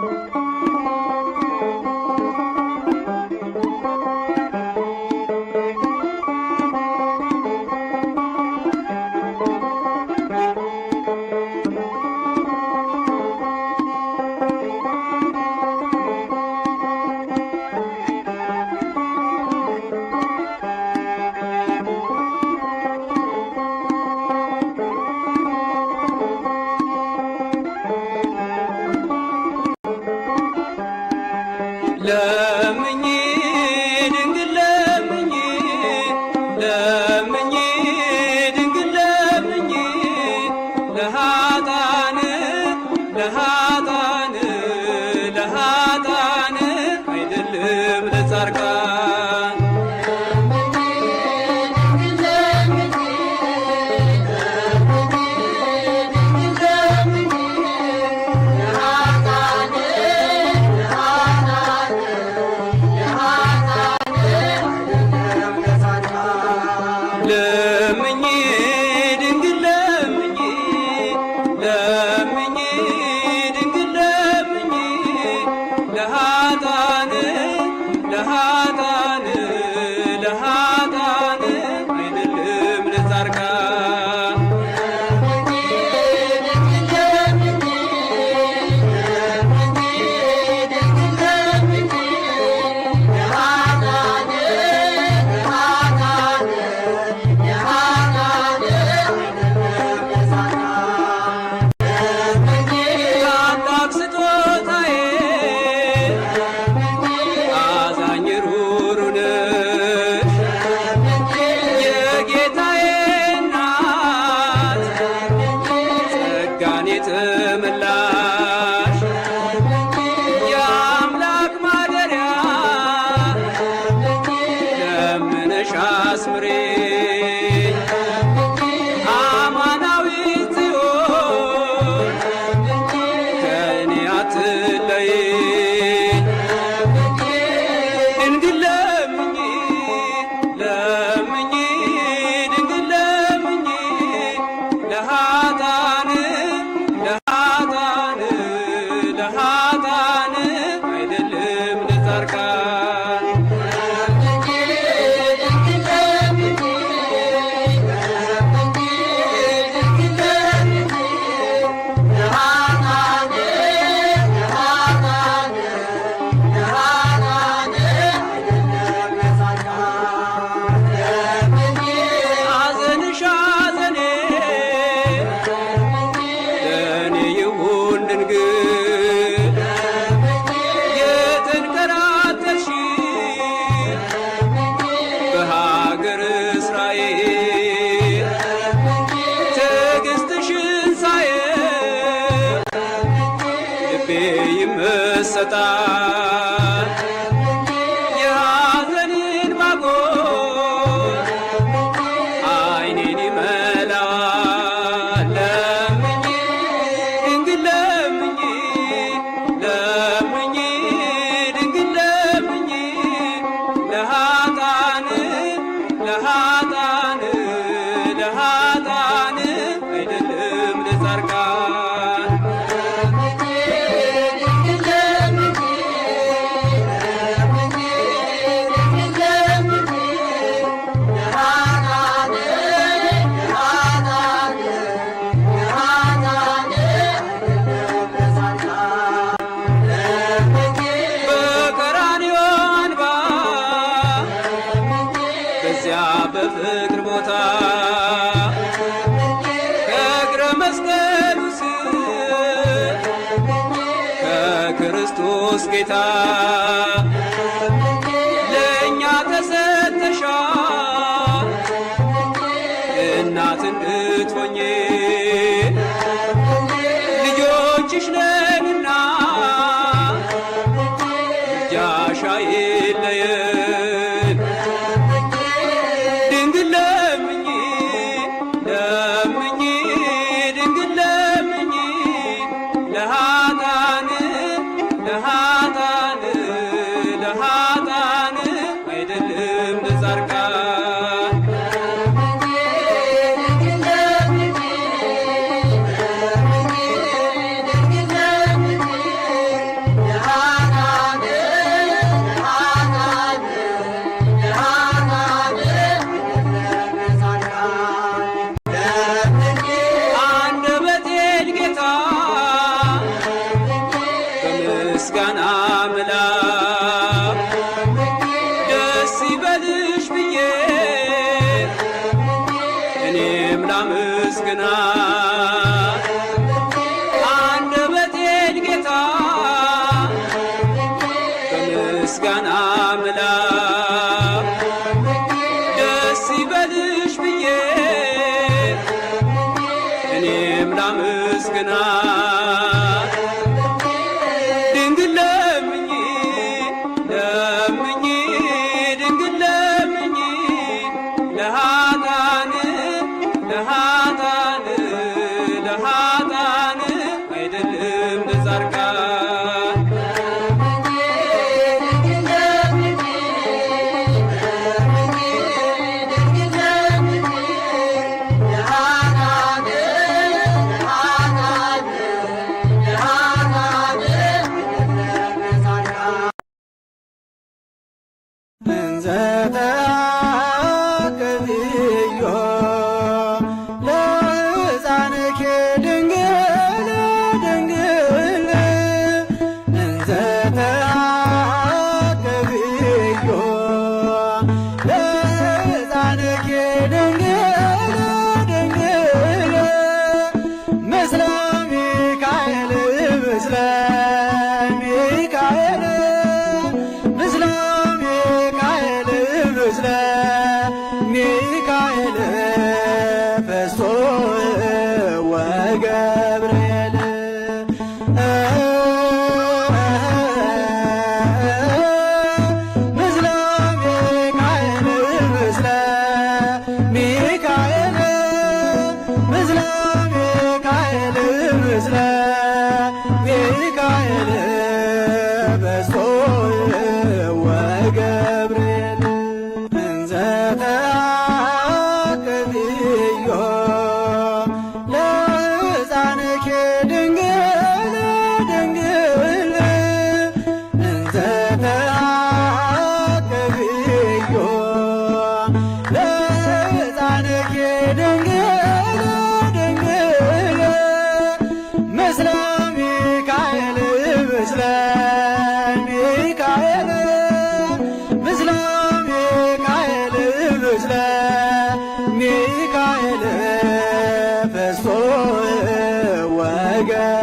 Thank you. सदा በፍቅር ቦታ ከእግረ መስቀሉ ስር ከክርስቶስ ጌታ ለእኛ ተሰተሻ እናት እንድትሆኜ ኪዳን አምላክ ደስ ይበልሽ ብዬ እኔም ላመስግና አንደበቴን ጌታ በምስጋና አምላክ It's again.